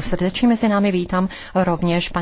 Srdečně mezi námi vítám rovněž paní